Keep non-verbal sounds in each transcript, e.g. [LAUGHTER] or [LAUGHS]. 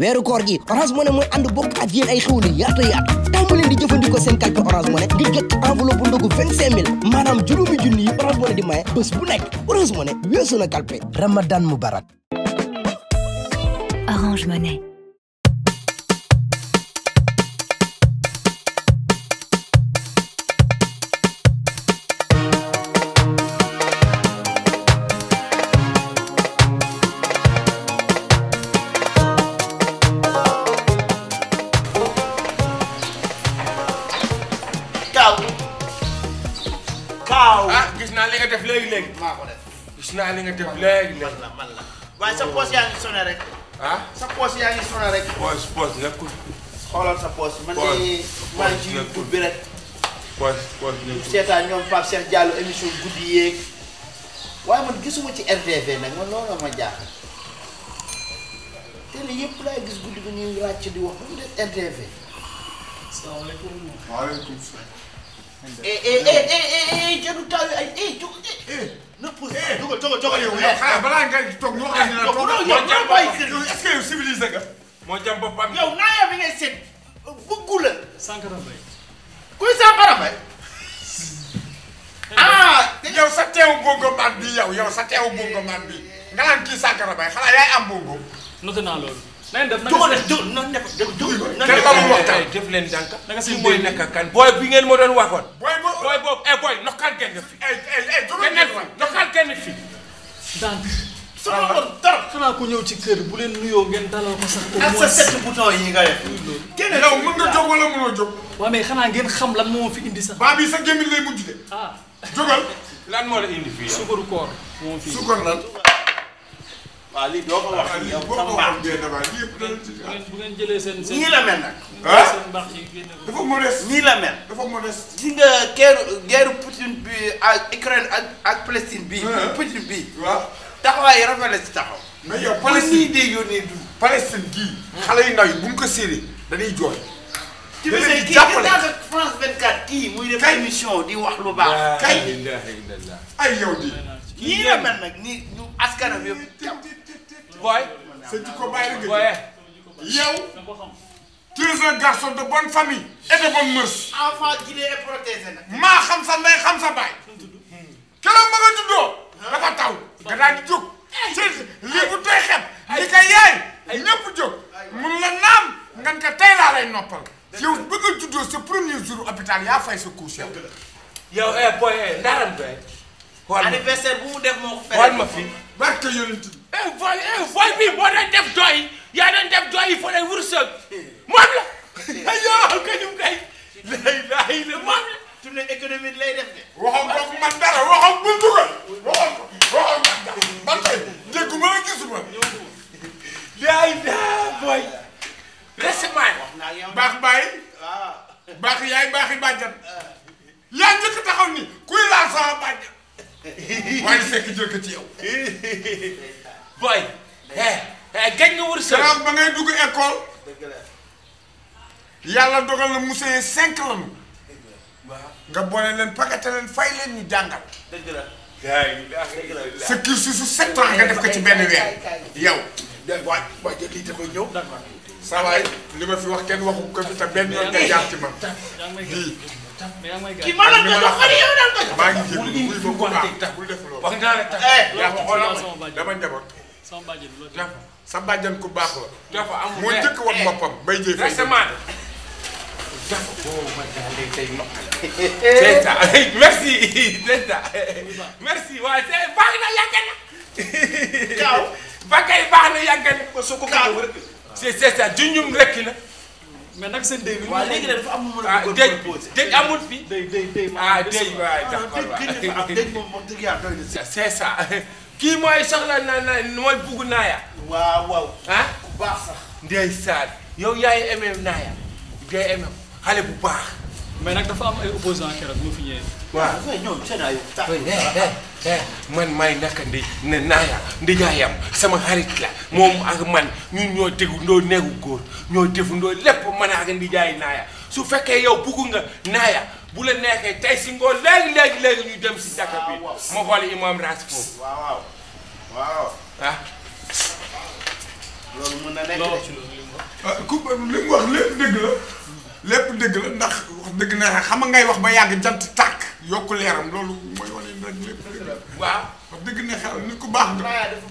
weeru koor gi orange money mooy ànd bokk ak yéen ay xewlu yaatu yaatu tàmm leen di jëfandikoo seen carte orange money ngir jot enveloppe ndogu 25000 maanaam juróomi junni yi orange money di maye bés bu nekk orange money weesu na kalpe ramadan mubarak orange money naa li nga def léegi léegi. man la man waaye sa poos yaa ngi sonné rek. ah sa poos yaa ngi sonné rek. poos poos nekkul. xoolal sa poos man de maa ngi ci YouTube bi rek. poos poos nekkul seetaan ñoom Pape Cheikh Diallo émission guddi yeeg. waaye man gisuma ci RTV nag man loolu ma jaaxal. télé yëpp laay gis guddi bi ñuy ràcc di wax ba mu def RTV. asalaamaaleykum. waaleykum salaam. eh, eh, eh, eh taal ay pousse. jógal jógal jógal yow. xaaral balaa nga toog ñu wax la yow moo jàmm boppam. yow naa bi ngay seet bëggu la. Sankara Mbaye. Ah, sa teewu bongo man bi yow yow sa teewu bongo man bi nga naan kii Sankara Mbaye xanaa yaay am bongo. noté naa loolu. na na ngeen na ngeen def na ngeen def leen na nga si nekk kan. booy bi ngeen ma doon waxoon. booy boobu booy boobu eh, booy nokkaan ngeen nga fi. eh eh eh juróomi ngeen kenn fii. donc. xanaa sonaloon dara. xanaa ñëw ci kër bu leen nuyoo ngeen dalal ko sax. au moins ak sa sept yi nga def. kenn yow mën nga jóg wala mënoo jóg. waaw lan moo fi indi sax. baa bii sax gémmiñ lay mujj de. ah jógal. lan moo la indi fii yow. suukaru koor moo fi. suukar lan. waaw lii doo ko wax yow sa mbaax bu seen seen nii la mel nag. seen mbaax dafa modeste nii la mel. dafa modeste gis nga guerre guerre bi ak Ukraine ak ak Palestine bii. Poutine bii. waaw taxawaay rafet la ci taxaw. mais yow Palestine nii day yónnee du Palestine gii. xale yi bu ñu ko séeree dañuy jooy. ci biir kii gis di wax lu baax. kay nii la mel nii ñu askanam booy. sa jikko bàyyi la nga yow. tu es de bonne famille et de bonne mœurs. enfant guidé et maa xam sa ndey xam sa baay. keroog a nga a dafa taw nga daal di jóg. ci lii bu tey xet. li ko yaay ñëpp jóg. mun la naam nga ne ko tey laa noppal. yow ba nga juddoo sa premier jour hôpital yaa fay sa couche yow. yow booy eh, eh ndaram doy. anniversaire ma fi eh voy eh voy bi boo doon def doy yaa doon def doy foo leen wërsëg moom la. aywa kañum kay. lay lay la moom la. tu ne économie lay def de. waxoon ko man dara waxoon bu dugal. waxoon ko waxoon man dara man tey dégguma la gisuma. lay daa booy. resemaan. baax baay. Ah. baax yaay baaxi bàjjan. yaa njëkk taxaw ni kuy laal sama bàjjan. [LAUGHS] waaye sekk jël ko ci yow. [LAUGHS] booy. Eh, eh, gañ nga wër sër ba ngay dugg école. yàlla dogal na monsieur yi cinq lañu. nga boole leen pakete leen fay leen ñu jàngal. dëgg la. sa cursus su sept nga def ko ci benn weer. yow. waay waay lii dafay ñëw. saa waay li ma fi wax kenn waxu ko fi te benn yoon nga jaar ci ma. lii. kii ma la doon wax yow daal ko. maa ngi jéem a buy ma ko baax bul def loolu. wax naa la tax eh, yaa ma xoolal dama njaboot. sama bàjjan loolu dafa sa bàjjan ku baax la. dafa amul moo njëkk woon boppam bay jëy fay dafa boo ma daal tey merci Keita merci waaye tey baax na yàgg na. Kaaw baax na yàgg soo ko Kaaw rek. c'est ça junjum na. mais nag seen déy bi. waaw léegi nag dafa a. ah déy déy amul fi. déy déy déy kii mooy soxla naa na mooy bugg naaya. waaw waaw. ah bu baax sax. ndeysaan yow yaay aimé naaya ngay aimé xale bu baax. mais nag dafa am ay opposants keroog ñu fi ñëwee. waaw ñoom seen ay. man maay naka ndi ne naaya ndijaayam sama xarit la moom ak man ñun ñoo tegundoo neegu góor ñoo defundoo lépp man ak ndijaay naaya su fekkee yow bugg nga naaya. bu la neexee tey si ngoon léegi léegi léegi ñu dem si jàkka bi ma xool imam raas foofu. waaw waaw. ah. loolu mën na nekk ci loolu euh, wax lépp dëgg la lépp dëgg la ndax wax dëgg na xam ngay wax ba yàgg jant tàkk yokku leeram loolu mooy wane dëgg la. waaw wax ne xel nit ku baax nga. dafa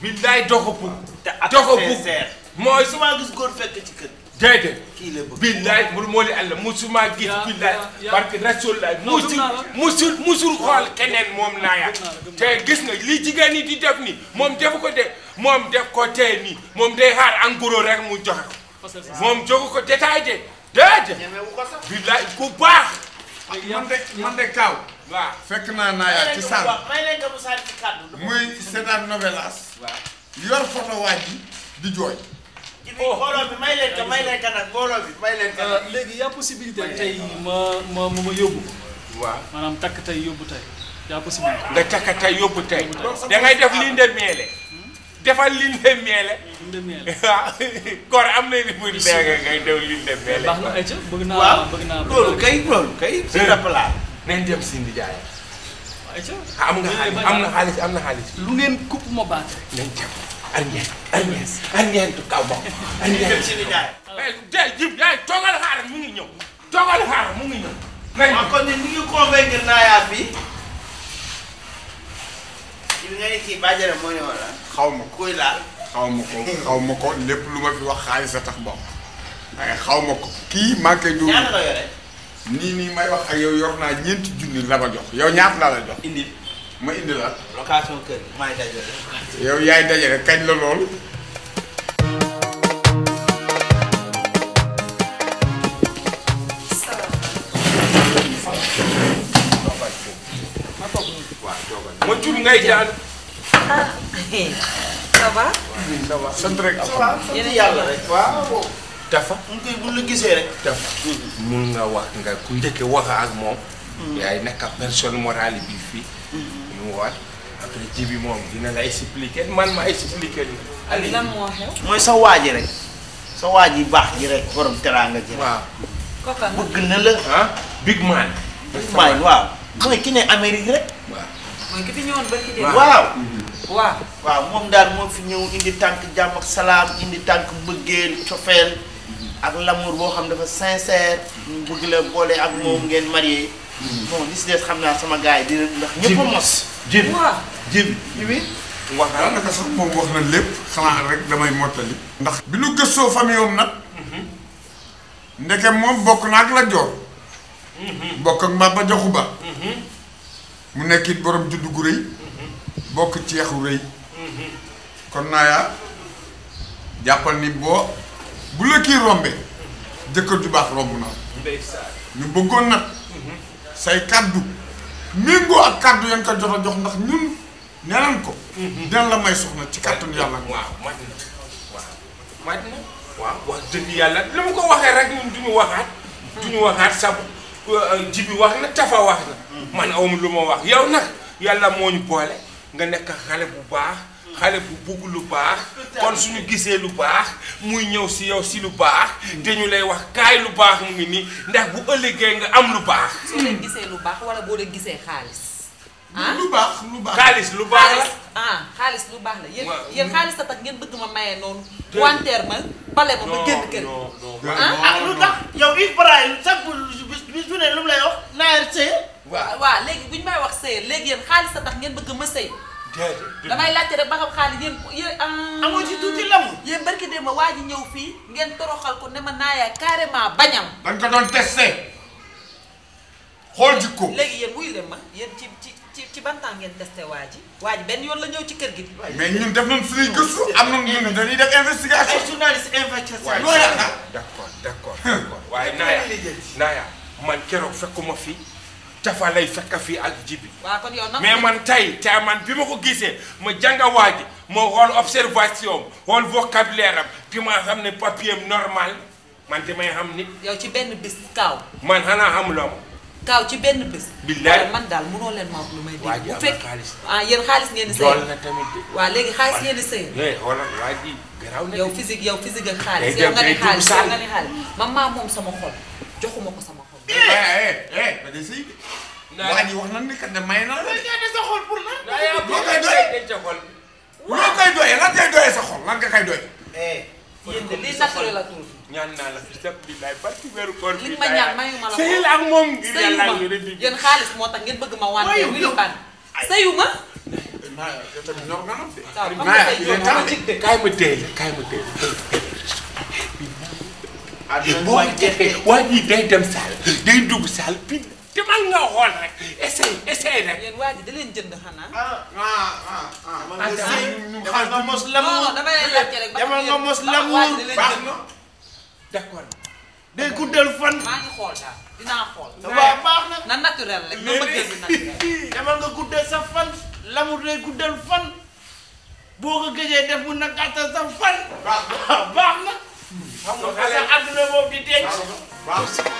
bëgg a am. doxu pour. te ak mooy souvent gis góor fekk ci kër. déedéet. kii la bëgg billaay moo li àll musuma gis. billaay parce que rasulilah. musul musul musul xool keneen moom laa yàq. te gis nga li jigéen ñi di def nii moom defu ko de moom def ko tey nii moom day xaar en gros rek mu joxe ko. moom jogu ko détaillé de déedéet. billaay ku baax. man de man de Kaaw. fekk naa Naaya ci salle. muy seetaan novelas yor photo waa ji di jooy. mbooloo bi may leen ka may leen ka nag mbooloo may leen euh, ka léegi yaa possibilité tey ma ma ma yóbbu waaw maanaam takk tey yóbbu tey yaa possibilité nga takk tey yóbbu tey da def lii ndem meele defal lii ndem meele koor am na li muy dégg ngay def lii ndem meele baax na ayca bëgg naa bëgg naa am na xaalis am na xaalis lu ngeen kupp ma baat nañ dem Arñeen Arñeen Arñeen kaw bokk Arñeen. tey xaaral mu ngi ñëw toogal xaaral mu ngi ñëw. ngay ñëw kon ni ngi convaincre naa yaa fi. li nga ne kii bàjjale moo ñëw la. xaw ma kuy laal. xaw ma ko xaw ma ko lépp lu ma fi wax xaalis a tax bokk. Eh, xaw ma ko kii manqué ñu. ñaata nii nii may wax ak yow yor naa ñeenti junni la ma jox yow ñaata la la jox. ma indi la. location kër gi maay yaay dajale kañ la lool. ma jur ngay jaan. ah ça va. ça va sant yàlla rek. waaw. dafa. mun nga wax nga ku njëkk wax ak moom. Mm. yaay nekk personne morale bi fii. Mm. waat après bi moom dina la expliquer man ma expliquer li. Aliou moo xew. ji rek sa waa ji baax ji rek borom teraanga ji. waaw kooka bëgg na la. ah big moom daal moo fi ñëw indi tànk jàmm ak salaam indi tànk mbëggeel cofeel ak l'amour boo xam dafa sincère. mu bëgg la boole ak moom ngeen marié. Mm-hmm. bon li xam naa sama gars yi dina ndax ñëpp mos. jim jim jim wax daanaka sax moom wax na lépp xanaa rek damay mottali ndax bi nu gëstoo famille am nag mhm. ndeke moom bokk na ak la joor mhm. bokk ak Maba Jaxu Ba mhm. mu nekk it borom juddu gu rëy bokk ceexu rëy kon naayaa jàppal ni boo bu la kii rombe jëkkër ju baax romb na ñu bëggoon nag say kàddu méngoo ak kàddu yan ko jot a jox ndax ñun neneen ko. Mhm. dinañ la may na ci kàttanu yàlla. waaw mat na waaw mat na waaw wax dëgg yàlla li mu ko waxee rek ñun duñu waxaat. duñu waxaat sab euh, jibi wax na tafa wax na. Mhm. man awma lu ma wax yow nag yàlla moo ñu boole nga nekk xale bu baax. xale bu bugg lu baax kon suñu gisee lu baax muy ñëw si yow si lu baax te ñu lay wax kaay lu baax mu ngi nii ndax bu ëllëgee nga am lu baax soo leen gisee lu baax wala boo leen gisee xaalis ah? lu baax lu baax xaalis lu baax la ah xaalis baax la yéen yéen xaalis la tax ngeen bëgg ma maye noonu wanteer ma bale ma ma génn kër ah? ah lu tax yow Ibrahima chaque bis bu ne lu mu lay wax naar sëy waaw waaw léegi bu ñu may wax sëy léegi yéen xaalis la tax ngeen bëgg ma sëy damay laajte rek ba xam xaalis yéen yéen. Ah. amoo ci tuuti lamu. yéen barki démb waa ji ñëw fii ngeen toroxal ko ne ma naayaay carrément bañam. dañ ko doon testé xool ko léegi yéen wuyu leen ma yéen ci ci ci bantaan ban temps ngeen testé waa ji. waa ji benn yoon la ñëw ci kër gi. mais ñun def nañ suñuy gëstu am nañ ñun dañuy def investigation. ay journaliste investigation. waaye d' accord d' accord d' accord [LAUGHS] waaye naaya naaya man keroog fekkuma fi. dafa lay fekk fi ak jibi mais man tey tey man bi ma ko gisee ma jàng waa ji ma xool observation xool vocabulaire am bi ma xam ne papier am normal man te may xam nit. yow ci benn bis kaaw. man xanaa xamuloo ma. kaaw ci benn bis. billaay man daal mënoo leen ma wax lu may dégg. bu fekk ah yéen xaalis ngeen di sëy. jool na tamit de. waaw léegi xaalis ngeen di sëy. eh xoolal waa ji garaaw na yow physique yow physique ak xaalis. yow nga ni xaalis yow nga ni xaalis man maa moom sama xol joxuma ko sama xol. eh eh, eh waa ji wax na ni kat de may na la. sa xol pour lan. loo koy doyee loo koy doyee lan ngay doyee sa xol lan nga koy doyee. Eh, yéen de lii naturel la tuuti. ñaan naa la fi jàpp billaay barki weeru koor bi. li ma ñaan mayu ma la ko sëyil ak moom ngir yàlla yéen xaalis moo tax ngeen bëgg ma wante wili ban sëyu ma. maa yow tamit ñor nga am de. waaw xam nga tey jii ma jig de kaay ma teel kaay ma teel. ah dinañ waay jii day dem saal day dugg saal bi. demal nga xool rek essay essay rek. yéen waa ji da leen jënd xanaa. ah ah ah. ah. ah man de xam nga mos l'amour demal nga mos l'amour baax na d'accord. day guddal fan. maa ngi xool daal dinaa xool. waaw baax na na naturel rek na bëggee bi naturel. demal nga guddal sa fan l'amour day guddal fan boo ko gëjee def mun na gàttal sa fan. baax na baax na. xam nga sa àdduna moom di denc. waaw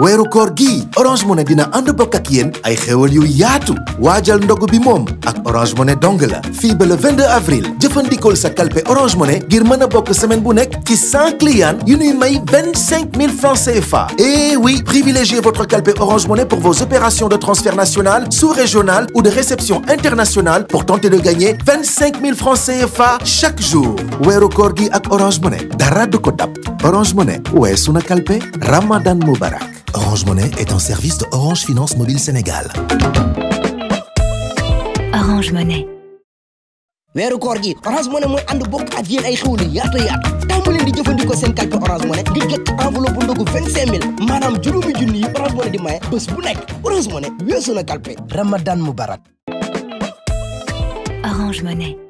weeru koor gi Orange Money dina ànd bokk ak yen ay xéwal yu yaatu waajal ndogu bi moom ak Orange Money dong la fii ba le 22 avril jëfandikool sa kalpe Orange Money ngir mën a bokk semaine bu nekk ci 100 clients yu ñuy may 25 000 francs CFA. Et eh oui, privilégiez votre calpe Orange Money pour vos opérations de transfert national, sous-régional ou de réception internationale pour tenter de gagner 25 000 francs CFA chaque jour. weeru koor gi ak Orange Money dara du ko dab Orange Money weesu na kalpe Ramadan Mubarak. Orange Monnaie est un service de Orange Finance Mobile Sénégal. Orange Monnaie. weeru koor gi orange money mooy ànd bokk ak yéen ay xewlu yaatu yaatu tàmmu leen di jëfandikoo seen kalpe orange money di jot enveloppe bu ndogu vingt cinq mille maanaam juróomi junni yi orange money di maye bés bu nekk orange money weesu na kalpe ramadan mubarak orange